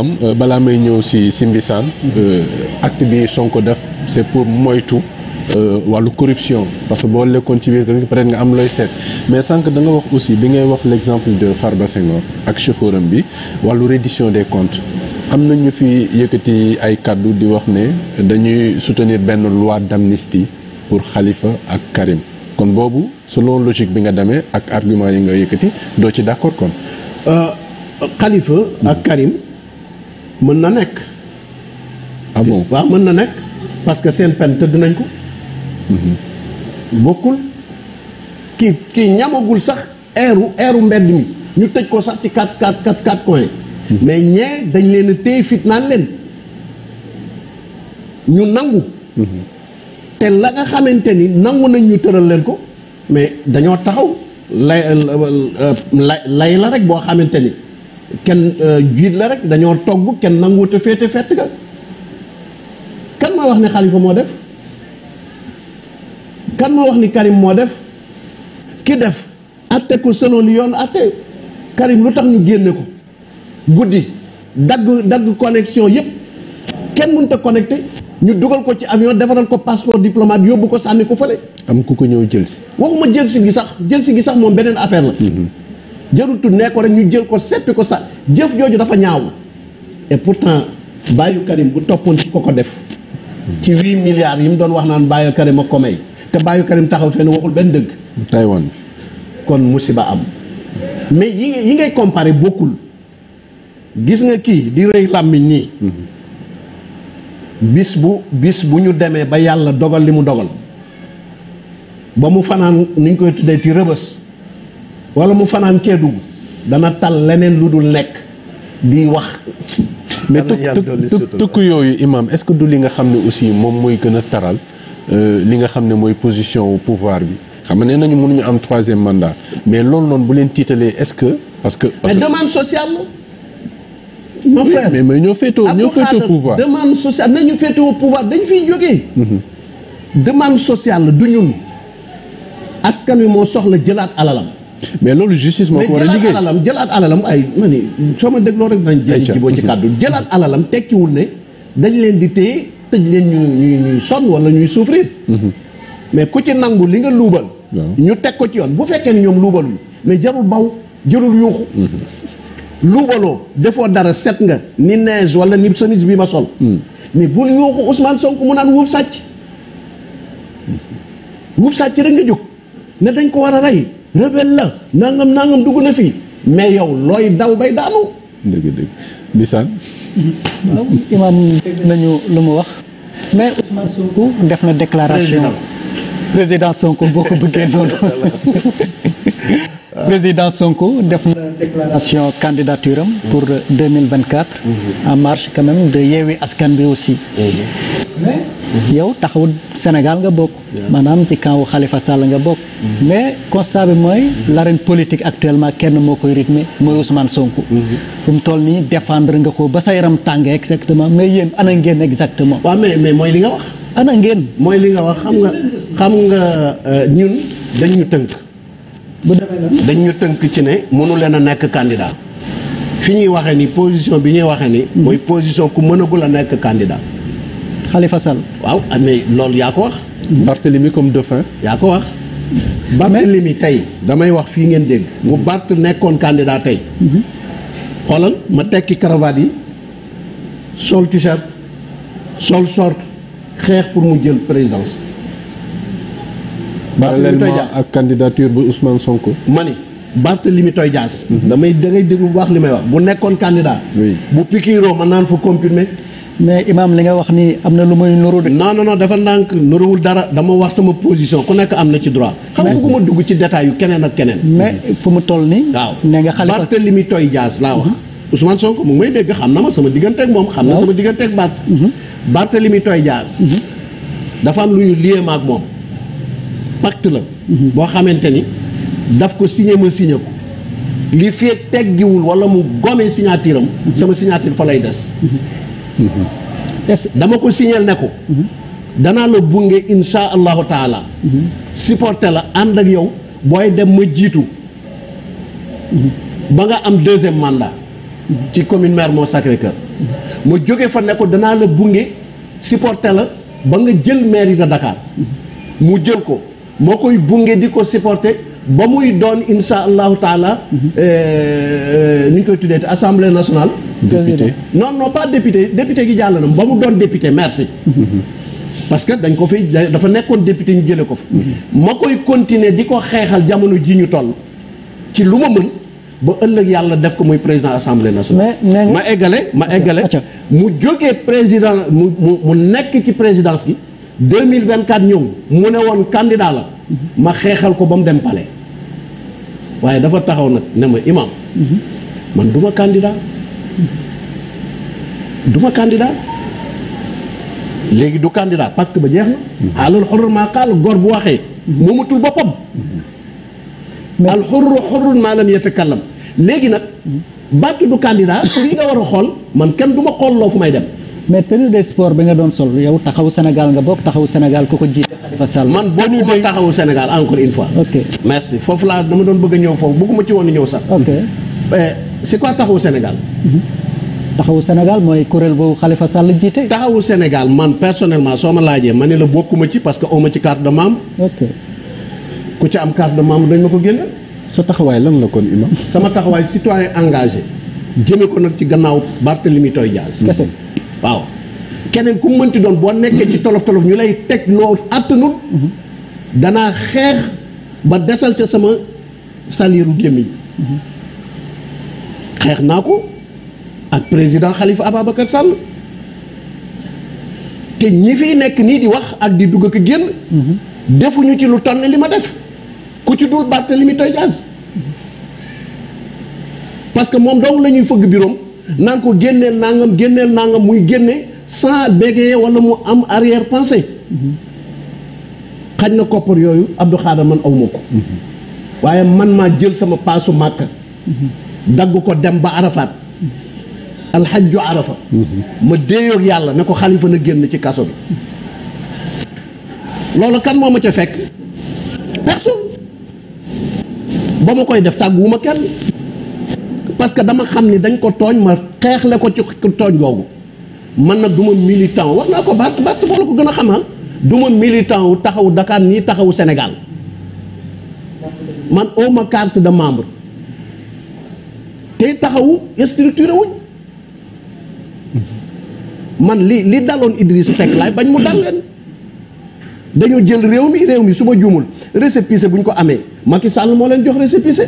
am euh, balaa may ñëw si si Mbissane euh, acte bi Sonko def c'est pour moytu euh, wàllu corruption parce que boo lekkoon ci biir peut-être nga am looy seet mais sànq da nga wax aussi bi ngay wax l'exemple de Farba Senghor ak chauffeur bi wàllu reddition des comptes am na ñu fi yëkkati ay kàddu di wax ne dañuy soutenir benn loi d'amnistie pour xalifa ak Karim kon boobu selon logique bi nga demee ak argument yi nga yëkkati doo ci d'accord kon xalifa ak hmm. Karim mën na nekk. ah bon mën na nekk parce que seen pen tëdd nañ ko. Mhm. bokkul kii kii ñamagul sax eeru eeru mbedd mi ñu tëj ko sax ci quatre quatre quatre quatre coin mhm. mais ñee dañ leen a téye fit naan leen ñu nangu. Mhm. te la nga xamante ni nangu nañ ñu tëral leen ko mais dañoo taxaw lay euh, euh, lay la rek boo xamante ni. kenn euh, jiit la rek dañoo togg kenn nanguwut a féete fett ga kan moo wax ni xalifa moo def kan moo wax ni Karim moo def ki def atte ko selon li yoon atte Karim lu tax ñu génne ko guddi dagg dagg connexion yépp kenn mënut a connecté ñu dugal ko ci avion defaral ko passeport diplomate yóbbu ko sànni ko fële. am ku ko ñëw jëlsi waxuma jëlsi gi sax jëlsi ngi sax moom beneen affaire la. Mm-hmm. jarutu nee ko rek ñu jël ko seppi ko sax jëf jooju dafa ñaaw et pourtant bàyyi Karim bu toppoon ci ko ko def ci huit milliards yi mu doon wax naan bàyyi Karim a ko may te bàyyu Karim taxaw fenn waxul benn dëgg Taïwan kon musiba am mais yi yi ngay comparer bokkul gis nga kii di rëy làmmiñ nii bis bu bis bu ñu demee ba yàlla dogal li mu dogal ba mu fanaan nuñ koy tuddee ci rëbës wala mu fanaan Kédougou dana tal leneen lu dul nekk di wax. mais tukk tukk yooyu imam est-ce que du li nga xam ne aussi moom mooy gën a taral euh, li nga xam ne mooy position pouvoir bi xam nga nee nañu mënuñu am troisième mandat mais loolu noonu bu leen tiitalee est-ce que. parce que parce que demande sociale la. mon frère mais ñoo féetoo ñoo féetoo pouvoir demande sociale nañu féetoo pouvoir dañu fiy jógee. Mhm. demande social la du ñun askan wi moo soxla jëlaat alalam. mais loolu justice moo ko war a liggéey mais jëlaat alalam ay ma ni soo ma dégloo rek nañ jéem jiboo ci kàddu jëlaat alalam wul ne dañ leen di téye tëj leen ñuy ñuy sonn wala ñuy souffrir mhm. mais ku ci nangu li nga luubal ñu teg ko ci yoon bu fekkee ni ñoom luubaluñ mais jarul baw jarul yuuxu mhm. luubaloo defoo dara set nga ni neige wala ni chemise bi ma sol mhm. mais bul yuuxu Ousmane Sonko mu naan wuub sàcc wuub sàcc rek nga jóg ne dañ ko war a rey rebelle la nangam nangam dugg na fi mais yow looy daw bay daanu. imaam nañu lu mu wax. mais Ousmane Sonko def na déclaration. président Sonko boo ko bëggee noonu. président Sonko def na déclaration candidature am. pour deux mille vingt quatre. Mhm. en marge quand même Yewwi Askan bi aussi. Mhm. mais. yow taxawu Sénégal nga bokk maanaam ci camp xalifa Sall nga bokk mais constat bi mooy l'arène politique actuellement kenn moo koy rythmer mooy Ousmane Sonko fu mu toll nii défendre nga ko ba sa yaram tàngee exactement mais yéen ana ngeen exactement waaw mais mais mooy li nga wax ana ngeen mooy li nga wax xam nga xam nga euh, ñun dañ ñu tënk bu demee dañ ñu tënk ci ne mënu leen a nekk candidat fi ñuy waxee ni position bi ñuy waxee ni mooy position ku mënagul a nekk candidat xalifa Sall. waaw amee loolu yaa ko wax. Barthélemy comme dauphin. yaa ko wax. Barthélemy tey damay wax fii ngeen dégg. mu Barth nekkoon candidat tey. xoolal ma tekki cravate yi sol t-shirt sol short xeex pour mu jël présidence. Barthélemy Toye Dias ak candidature bu Ousmane Sonko. ma ni Barthélemy Toye Dias. Mhm. damay dangay déglu bu baax li may wax bu nekkoon candidat. bu pikiiroo mën naan fa confirmer. mais imaam li nga wax ni am na lu muy nuru de. non non non dafa ndànk nuruwul dara dama wax sama position ku nekk am na ci droit. xam nga bëgguma dugg ci détail yu keneen ak keneen. mais fu mu toll nii. waaw nee nga xale ko li muy tooy jaas laa wax. Mhm. Ousmane Sonko mu ngi may dégg xam na ma sama digganteeg moom. xam na sama digganteeg Bart. Mhm. Barthélemy Toye Dias. Mhm. dafa am lu ñu lié ma ak moom pacte la. boo xamante ni daf ko signé ma signé ko li fee teggiwul wala mu gome signature am. sama signature fa lay des. est dama ko signal ne ko. danaa la bunge insha allahu taala. supporté la ànd ak yow booy dem ma jiitu. ba nga am deuxième mandat. ci commune maire moo sacré ma jóge fa ne ko danaa la bunge supporté la ba nga jël mairie de dakaar mu jël ko moo koy bunge di ko supporté ba muy doon insha allahu taala. Euh, euh, ni ñu koy tuddee assemblée nationale. député non noon pas député député gi jàll na ba mu doon député merci. parce que dañ ko fi dafa nekkoon député ñu jële ko fa. ma koy continuer di ko xeexal jamono ji ñu toll ci lu ma mën ba ëllëg yàlla def ko muy président assemblée nationale. ma eggale ma eggale. mu jógee président mu mu nekk ci présidence gi. mille 2024 ñëw mu ne woon candidat la. ma xeexal ko ba mu dem pale waaye dafa taxaw nag ne ma imam mhm. man duma candidat. du ma léegi du candidat pacte ba jeex na mhm. alal xurur maa qaal góor bu waxee moomatul boppam al xurru xurrun maa lam yatakallam léegi nag baatu du candidat lii nga war a xool man kenn du ma xool loo fu may dem mais tenue de sport bi nga doon sol yow taxawu Sénégal nga bokk taxawu Sénégal ku ko jiite Khalifa Sall man bokku ma taxawu Sénégal encore une fois ok merci foofu laa dama doon bëgg ñëw foofu bëgguma ci woon ñëw sax ok eh, c'est quoi taxawu Sénégal. taxawu Sénégal mooy kuréel boobu Khalifa Sall jiite. taxawu Sénégal man personnellement soo ma laajee ma ne la bokkuma ci parce que aw ma ci carte de membre. ku ci am carte de membre dañ ma ko génne. sa taxawaay lan la kon imam sama taxawaay citoyen engagé jëme ko nag ci gannaaw Barthélemy Toye Dias. Mm-hmm. kese waaw. keneen ku mënti doon boo nekkee ci tolof tolof ñu lay teg loo àttanul mm-hmm. danaa xeex ba desal ca sama saliiru gémmiñ mm-hmm. xeex naa ko ak président Khalifa Ababacar Sall te ñi fiy nekk nii di wax ak di dugg ak génn defuñu ci lu tonn li ma def ku ci dul Barthélémy Dias parce que moom dong la ñuy fëgg biroom naan ko génneel nangam génneel nangam muy génne sans bégayer wala mu am arrière pensée xañ na koppar yooyu Abdou Khadre man awma ko waaye man maa jël sama paasu màkka dagg ko dem ba arafaat alxajju arafa ma déeyoog yàlla ne ko xalifa na génn ci kaso bi loolu kan moo ma ca fekk personne ba ma koy def tàgguwuma kenn parce que dama xam ni dañ ko tooñ ma xeexle ko ci tooñ googu man nag du ma militant wax naa ko Bart Bart boo la ko gën a xam ah. du ma militant wu taxaw Dakar nii taxawu Sénégal man awma carte de membre te taxawu structuré wuñ man li li daloon Idriss Seck laay bañ mu dal leen dañu jël réew mi réew mi suba ma juumul buñ ko amee Macky Sall moo leen jox récépissé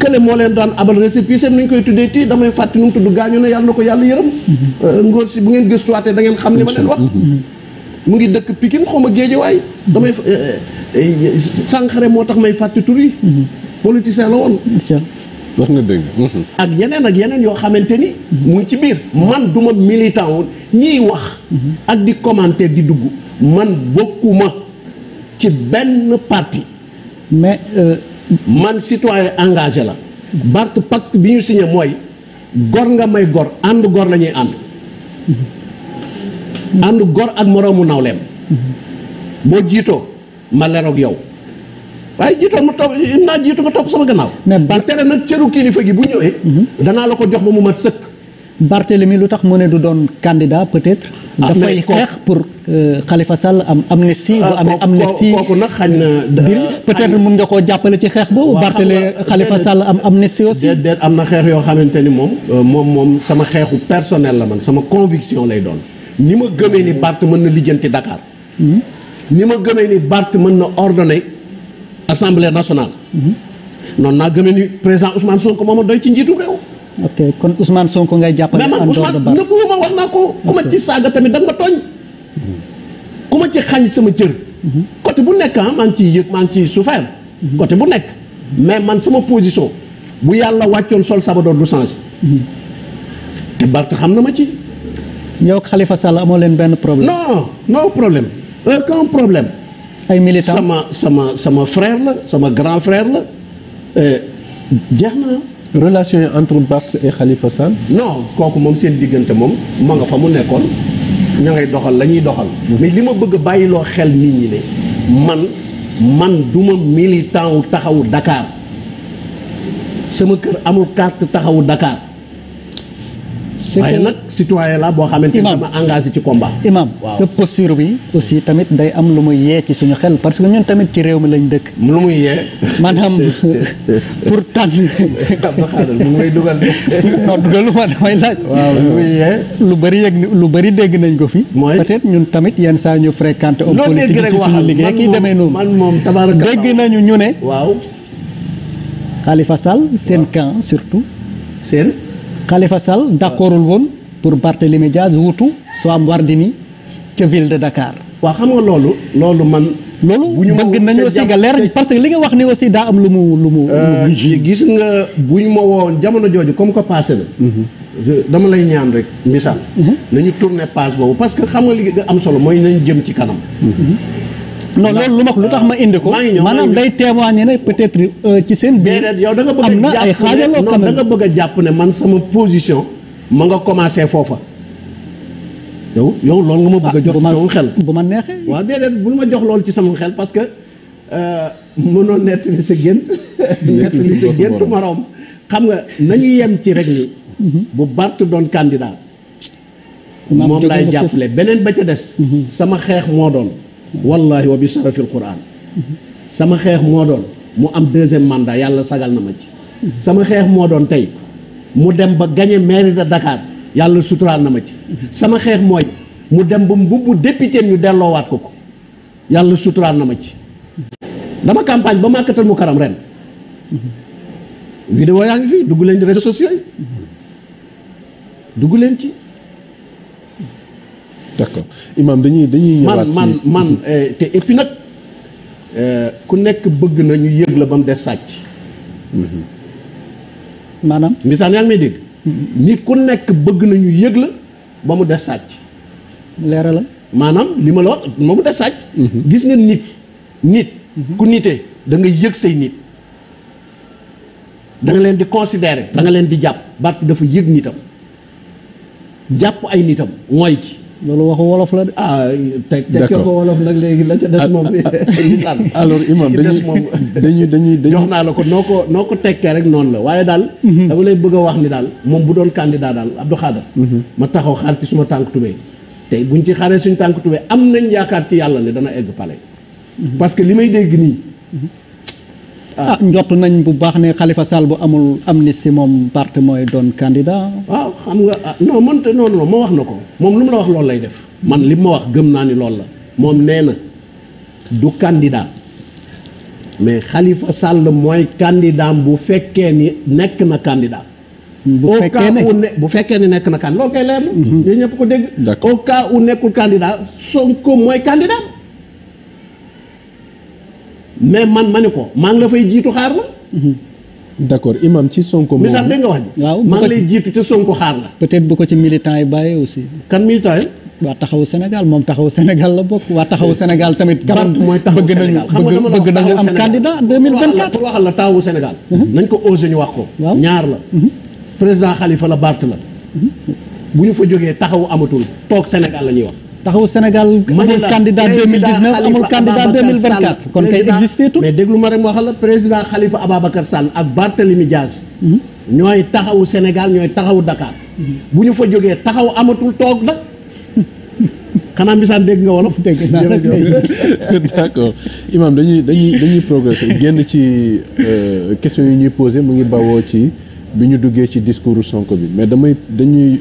kële moo leen daan abal récépissé nu ñu koy tuddee tii damay fàtte nu mu tudd gaañu ne yàlla na ko yàlla yërëm euh, ngóor si bu ngeen gëstuwaatee da ngeen xam ni ma leen wax mu ngi dëkk Pikine xaw ma géejewaay damay euh, euh, sànqare moo tax may fàtte tur yi mhm. politicien la woon wax nga dëgg. ak yeneen ak yeneen yoo xamante ni. mu ci biir man du ma militant woon ñiy wax. ak di commenter di dugg man bokkuma ci benn parti. mais euh, man citoyen engagé la. Bart pacte bi ñu signé mooy gor nga may gor ànd gor lañuy ànd. Mm-hmm. ànd gor ak moroomu nawleem. Mm-hmm. boo jiitoo ma leroog yow. waaye jiital ma topp naa jiitu ma topp sama gannaaw. mais Barthélemy na cëru kilifa gi bu ñëwee. Mhm. danaa la ko jox ba mu mat sëkk. Barthélemy lu tax mu ne du doon candidat peut-être. Ah, dafay xeex pour xalifa euh, Sall am amnistie. Ah, bu amee amnistie kooku nag xañ na. Euh, peut-être mun nga koo jàppale ci xeex boobu. Barthélemy Khalifa Sall am amnistie aussi. déedéet am na xeex yoo xamante ni moom. Euh, moom moom sama xeexu personnel la man sama conviction lay doon ni ma gëmee ni Barth mën na lijjanti Dakar. Mhm. ni ma gëmee ni Barth mën na ordonner. assemblée nationale. noonu naa gëmee ni président Ousmane Sonko moom a doy ci njiitu réew. ok kon Ousmane Sonko ngay jàppale. mais man Ousmane nëbbuwuma naa ko. ku ma ci saaga tamit da nga ma tooñ. ku ma ci xañ sama cër. Mhm. côté bu nekk ah maa ngi ciy yëg maa ngi ciy souffert. Mhm. côté nekk. mais man sama position. bu yàlla wàccoon sol Sabador du changé. Mhm. te Barth xam na ma ci. yow Khalifa Sall amoo leen benn problème. non non problème aucun problème. ay militant sama sama sama frère la sama grand frère la euh, jeex na. relation yi entre Bakk et xalifa Sall. non kooku moom seen diggante moom ma nga fa mu nekkoon ña ngay doxal lañuy doxal. mais li ma bëgg a bàyyiloo xel nit ñi ne man man du ma militant wu taxawu dakaar sama kër amul carte taxawu dakaar waaye nag citoyen la boo xamante ni dama ci combat imam sa posture bi aussi tamit day am lu mu yee ci suñu xel parce que ñun tamit ci réew mi lañ dëkk lu muy yee maanaam pour tànn mu may dugal non dugalu ma damay laaj lu muy bëri yëg lu bëri dégg nañ ko fi peut-être ñun tamit yenn saa ñu fréquenté homme politique ci suñu liggéey kii demee noonu man moom tabaaraka dégg nañu ñu ne waaw Khalifa seen camp surtout seen Khalifa Sall d'accordul woon pour Barthélémy Diaz wutu Soham Wardini ca ville de Dakar. waaw xam nga loolu. loolu man. loolu bëgg nañu aussi nga leer parce que li nga wax ni aussi daa am lu mu lu mu. Euh, gis nga bu ñu ma woon jamono jooju comme que passé na. Mhm. dama lay ñaan rek misaal. Mhm. nañu tourner page boobu parce que xam nga li nga am solo mooy nañ jëm ci kanam. Mhm. non loolu lu ma lu tax ma indi ko maanaam day témoigner ne peut-être euh, ci seen biir yow da nga bëgg am ay xaajaloo quand même da nga bëgg a jàpp ne man sama position ma nga commencé foofa yow yow loolu nga ma bëgg a ah, jox sama xel bu ma neexee waaw déedéet bu ma jox loolu ci sama xel parce que euh, mënoo nettali sa gént nettali sa gént moroom xam nga nañu yem ci rek ni mhm. bu Barth doon candidat moom laay jàppale beneen ba ca des mhm. sama xeex moo doon wallahi wa bi fi quran sama xeex moo doon mu am deuxième mandat yàlla sagal na ma ci sama xeex moo doon tey mu dem ba gagné mairie de Dakar yàlla suturaal na ci sama xeex mooy mu dem ba mbubbu député ñu delloowaat ko ko yàlla suturaan na ma ci dama campagne ba màkkatal mu karam ren vidéo yaa ngi fii dugg leen ci réseaux sociaux yi dugg leen ci d'accord dañuy dañuy. ñëwaat man man man eh, te et puis nag eh, ku nekk bëgg na ñu yëg la ba mu des sàcc. Mhm. maanaam. mbisaan yaa ngi dégg. Mhm. nit ku nekk bëgg na ñu la ba mu des sàcc. leera la maanaam li ma la wax ba mu des sàcc. Mhm. gis nga nit nit. ku nitee da nga yëg say nit. danga leen di considérer da nga leen di jàpp Barth dafa yëg nitam jàpp ay nitam mooy ci loolu waxu wolof la de. ah teg teg ko wolof nag léegi la ca des ah, moom. misaal ah, ah, alors imam dañuy dañuy dañuy. jox naa la ko noo ko noo ko tekkee rek noonu la waaye daal. Mhm. dama lay bëgg a wax ni daal moom bu doon candidat daal Abdou Khadre. Mhm. ma taxaw xaar ci suma tànk tubéy. tey buñ ci xaaree suñu tànk tubéy am nañ yaakaar ci yàlla ne dana egg palais. Mhm. parce que li may dégg nii. ah, ah njott nañ bu baax ne xalifa Sall bu amul am amnistie moom parti mooy doon candidat. waaw ah, xam nga ah non noonu la non ma wax na ko moom lu mu la wax loolu lay def man li ma wax gëm naa ni loolu la moom nee na du candidat mais xalifa Sall mooy kàndidaam bu fekkee ni nekk na candidat. bu fekkee ne bu fekkee ne nekk na candidat loolu kay leer na. ñun mhm. ñëpp ko dégg. au cas où nekkul candidat Sonko mooy candidat. mais man ma ni ko maa ngi la fay jiitu xaar la. Mhm. d' accord imam ci sonk moom misaal nga wax ji. waaw maa ngi lay jiitu te Sonko xaar la. peut être bu ko ci militant yi bàyyee aussi. kan militant yi. waa taxawu Sénégal moom taxawu Sénégal la bokk waa taxawu Sénégal tamit. kanam mooy taxawu Sénégal xam nga dama la wax bëgg nañu am candidat 2024. pour waxal la taxawu Sénégal. Mhm. nañ ko osé ñu wax ko. waaw ñaar la. Mhm. président Khalifa la Barth la. bu ñu fa jógee taxawu amatul toog Sénégal la ñuy wax. taxawu Sénégal amul candidat 2019 amul candidat 2024 kon kay existé tout mais déglu ma rek moo xam la président Khalifa Ababacar ak Barthélemy Diaz mhm. ñooy taxawu Sénégal ñooy taxawu Dakar mhm. bu ñu fa jógee taxaw amatul toog nag xanaa mbisaan dégg nga wolof dégg d'accord imam dañuy dañuy dañuy progressé génn ci euh, question yi ñuy posé mu ngi bawoo ci bi ñu duggee ci discours Sonko bi mais damay dañuy